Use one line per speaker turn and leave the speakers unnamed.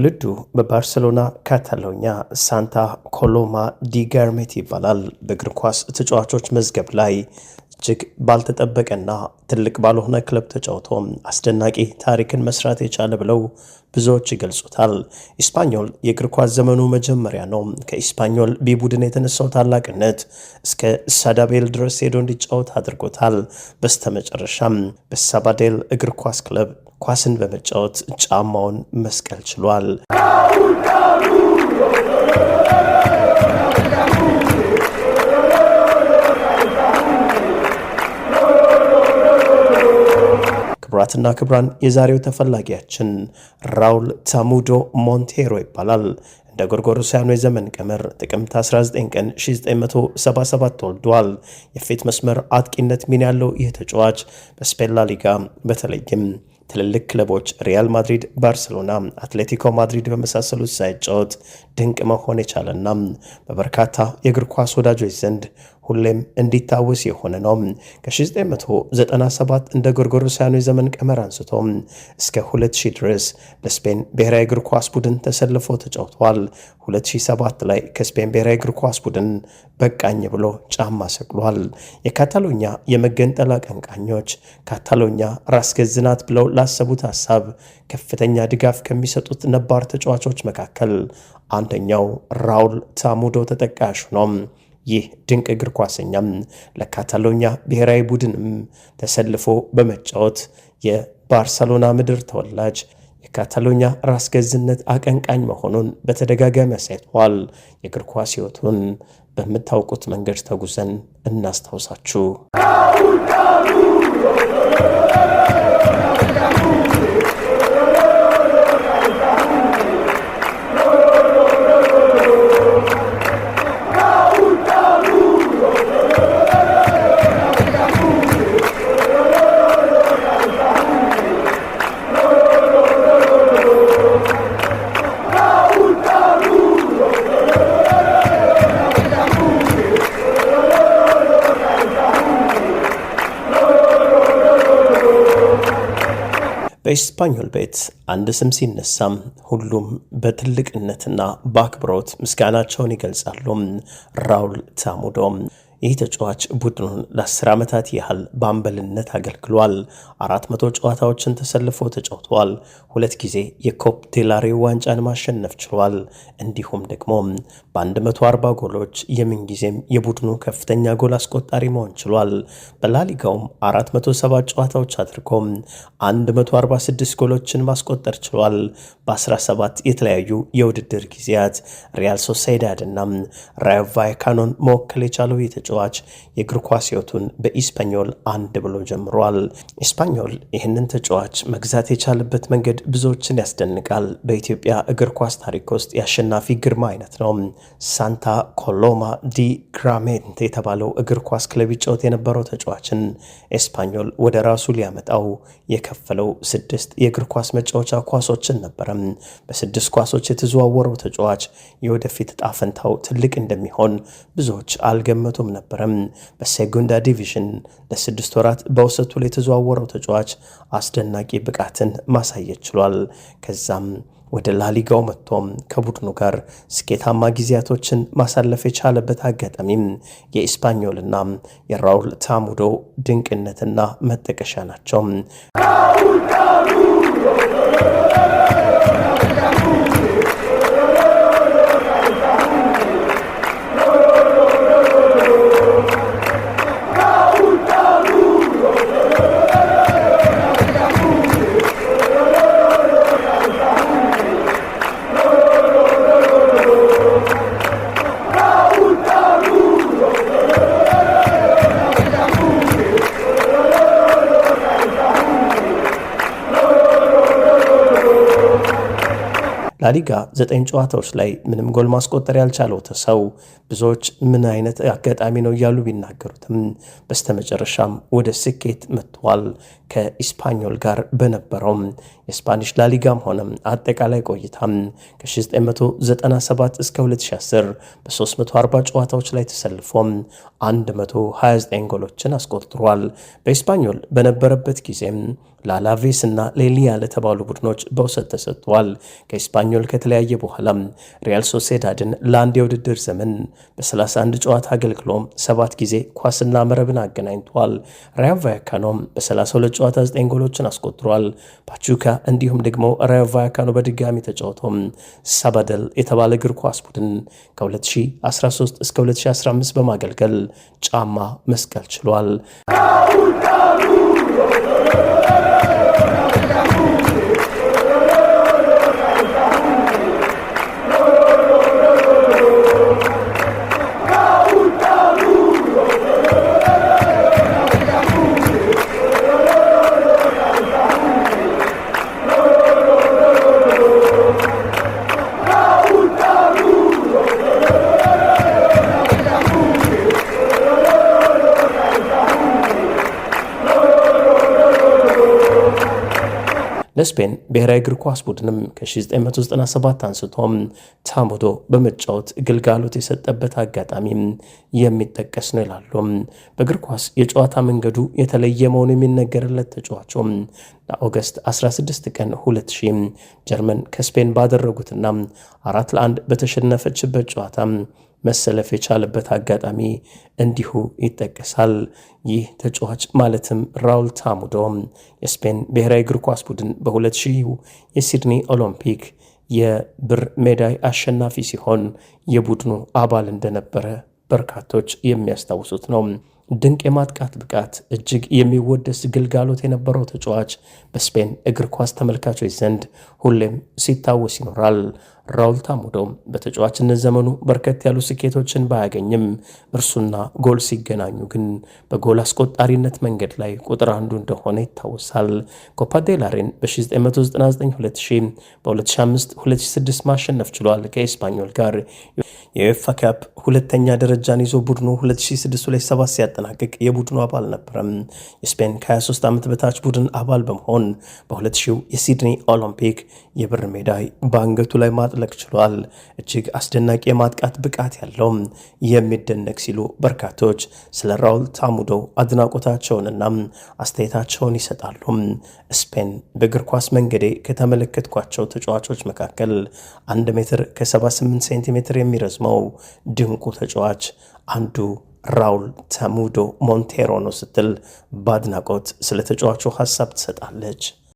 ትውልዱ በባርሴሎና ካታሎኛ ሳንታ ኮሎማ ዲ ጋርሜት ይባላል። በእግር ኳስ ተጫዋቾች መዝገብ ላይ እጅግ ባልተጠበቀና ትልቅ ባልሆነ ክለብ ተጫውቶ አስደናቂ ታሪክን መስራት የቻለ ብለው ብዙዎች ይገልጹታል። ኢስፓኞል የእግር ኳስ ዘመኑ መጀመሪያ ነው። ከኢስፓኞል ቢ ቡድን የተነሳው ታላቅነት እስከ ሳዳቤል ድረስ ሄዶ እንዲጫወት አድርጎታል። በስተመጨረሻም በሳባዴል እግር ኳስ ክለብ ኳስን በመጫወት ጫማውን መስቀል ችሏል። ክቡራትና ክቡራን የዛሬው ተፈላጊያችን ራውል ታሙዶ ሞንቴሮ ይባላል። እንደ ጎርጎሮሳውያኑ የዘመን ቀመር ጥቅምት 19 ቀን 1977 ተወልዷል። የፊት መስመር አጥቂነት ሚና ያለው ይህ ተጫዋች በስፔን ሊጋ በተለይም ትልልቅ ክለቦች ሪያል ማድሪድ፣ ባርሰሎና፣ አትሌቲኮ ማድሪድ በመሳሰሉት ሳይጫወት ድንቅ መሆን የቻለና በበርካታ የእግር ኳስ ወዳጆች ዘንድ ሁሌም እንዲታወስ የሆነ ነው። ከ1997 እንደ ጎርጎሮሳውያኑ የዘመን ቀመር አንስቶ እስከ 2000 ድረስ ለስፔን ብሔራዊ እግር ኳስ ቡድን ተሰልፎ ተጫውተዋል። 2007 ላይ ከስፔን ብሔራዊ እግር ኳስ ቡድን በቃኝ ብሎ ጫማ ሰቅሏል። የካታሎኛ የመገንጠል አቀንቃኞች ካታሎኛ ራስ ገዝ ናት ብለው ላሰቡት ሀሳብ ከፍተኛ ድጋፍ ከሚሰጡት ነባር ተጫዋቾች መካከል አንደኛው ራውል ታሙዶ ተጠቃሽ ነው። ይህ ድንቅ እግር ኳሰኛም ለካታሎኛ ብሔራዊ ቡድንም ተሰልፎ በመጫወት የባርሰሎና ምድር ተወላጅ የካታሎኛ ራስ ገዝነት አቀንቃኝ መሆኑን በተደጋጋሚ አሳይቷል። የእግር ኳስ ሕይወቱን በምታውቁት መንገድ ተጉዘን እናስታውሳችሁ። በኤስፓኞል ቤት አንድ ስም ሲነሳም ሁሉም በትልቅነትና በአክብሮት ምስጋናቸውን ይገልጻሉ። ራውል ታሙዶ ይህ ተጫዋች ቡድኑን ለ10 ዓመታት ያህል በአምበልነት አገልግሏል። አራት መቶ ጨዋታዎችን ተሰልፎ ተጫውተዋል። ሁለት ጊዜ የኮፕ ዴላሬ ዋንጫን ማሸነፍ ችሏል። እንዲሁም ደግሞ በ140 ጎሎች የምንጊዜም የቡድኑ ከፍተኛ ጎል አስቆጣሪ መሆን ችሏል። በላሊጋውም 47 ጨዋታዎች አድርጎ 146 ጎሎችን ማስቆጠር ችሏል። በ17 የተለያዩ የውድድር ጊዜያት ሪያል ሶሳይዳድ እና ራዮ ቫይካኖን መወከል የቻለው የተጫ ተጫዋች የእግር ኳስ ሕይወቱን በኢስፓኞል አንድ ብሎ ጀምሯል። ኢስፓኞል ይህንን ተጫዋች መግዛት የቻለበት መንገድ ብዙዎችን ያስደንቃል። በኢትዮጵያ እግር ኳስ ታሪክ ውስጥ የአሸናፊ ግርማ አይነት ነው። ሳንታ ኮሎማ ዲ ግራሜንት የተባለው እግር ኳስ ክለብ ይጫወት የነበረው ተጫዋችን ኤስፓኞል ወደ ራሱ ሊያመጣው የከፈለው ስድስት የእግር ኳስ መጫወቻ ኳሶችን ነበረም። በስድስት ኳሶች የተዘዋወረው ተጫዋች የወደፊት እጣ ፈንታው ትልቅ እንደሚሆን ብዙዎች አልገመቱም ነበር። አልነበረም። በሴጉንዳ ዲቪዥን ለስድስት ወራት በውሰቱ ላይ የተዘዋወረው ተጫዋች አስደናቂ ብቃትን ማሳየት ችሏል። ከዛም ወደ ላሊጋው መጥቶም ከቡድኑ ጋር ስኬታማ ጊዜያቶችን ማሳለፍ የቻለበት አጋጣሚም የኢስፓኞልና የራውል ታሙዶ ድንቅነትና መጠቀሻ ናቸው። ላሊጋ 9 ጨዋታዎች ላይ ምንም ጎል ማስቆጠር ያልቻለው ተሰው ብዙዎች ምን አይነት አጋጣሚ ነው እያሉ ቢናገሩትም በስተመጨረሻም ወደ ስኬት መጥተዋል። ከኢስፓኞል ጋር በነበረው የስፓኒሽ ላሊጋም ሆነ አጠቃላይ ቆይታም ከ1997 እስከ 2010 በ340 ጨዋታዎች ላይ ተሰልፎ 129 ጎሎችን አስቆጥሯል። በኢስፓኞል በነበረበት ጊዜም ላላቬስ እና ሌሊያ ለተባሉ ቡድኖች በውሰት ተሰጥቷል። ከኢስፓኞል ከተለያየ በኋላ ሪያል ሶሴዳድን ለአንድ የውድድር ዘመን በ31 ጨዋታ አገልግሎ ሰባት ጊዜ ኳስና መረብን አገናኝቷል። ራዮ ቫያካኖም በ32 ጨዋታ 9 ጎሎችን አስቆጥሯል። ፓቹካ እንዲሁም ደግሞ ራዮ ቫያካኖ በድጋሚ ተጫውቶም ሳባደል የተባለ እግር ኳስ ቡድን ከ2013 እስከ 2015 በማገልገል ጫማ መስቀል ችሏል። ለስፔን ብሔራዊ እግር ኳስ ቡድንም ከ1997 አንስቶም ታምዶ በመጫወት ግልጋሎት የሰጠበት አጋጣሚ የሚጠቀስ ነው ይላሉ። በእግር ኳስ የጨዋታ መንገዱ የተለየ መሆኑ የሚነገርለት ተጫዋቹ ለኦገስት 16 ቀን 2000 ጀርመን ከስፔን ባደረጉትና አራት ለአንድ በተሸነፈችበት ጨዋታ መሰለፍ የቻለበት አጋጣሚ እንዲሁ ይጠቀሳል። ይህ ተጫዋች ማለትም ራውል ታሙዶም የስፔን ብሔራዊ እግር ኳስ ቡድን በ2000 የሲድኒ ኦሎምፒክ የብር ሜዳይ አሸናፊ ሲሆን የቡድኑ አባል እንደነበረ በርካቶች የሚያስታውሱት ነው። ድንቅ የማጥቃት ብቃት፣ እጅግ የሚወደስ ግልጋሎት የነበረው ተጫዋች በስፔን እግር ኳስ ተመልካቾች ዘንድ ሁሌም ሲታወስ ይኖራል። ራውል ታሙዶ በተጫዋችነት ዘመኑ በርከት ያሉ ስኬቶችን ባያገኝም እርሱና ጎል ሲገናኙ ግን በጎል አስቆጣሪነት መንገድ ላይ ቁጥር አንዱ እንደሆነ ይታወሳል። ኮፓ ዴላሬን በ19992000 በ20052006 ማሸነፍ ችሏል። ከኤስፓኞል ጋር የዌፋ ካፕ ሁለተኛ ደረጃን ይዞ ቡድኑ 2006/2007 ሲያጠናቅቅ የቡድኑ አባል ነበረም። የስፔን ከ23 ዓመት በታች ቡድን አባል በመሆን በ2000 የሲድኒ ኦሎምፒክ የብር ሜዳይ በአንገቱ ላይ ማ ማጥለቅ ችሏል። እጅግ አስደናቂ የማጥቃት ብቃት ያለው የሚደነቅ ሲሉ በርካቶች ስለ ራውል ታሙዶ አድናቆታቸውንና አስተያየታቸውን ይሰጣሉ። ስፔን በእግር ኳስ መንገዴ ከተመለከትኳቸው ተጫዋቾች መካከል 1 ሜትር ከ78 ሴንቲሜትር የሚረዝመው ድንቁ ተጫዋች አንዱ ራውል ታሙዶ ሞንቴሮ ነው ስትል በአድናቆት ስለ ተጫዋቹ ሀሳብ ትሰጣለች።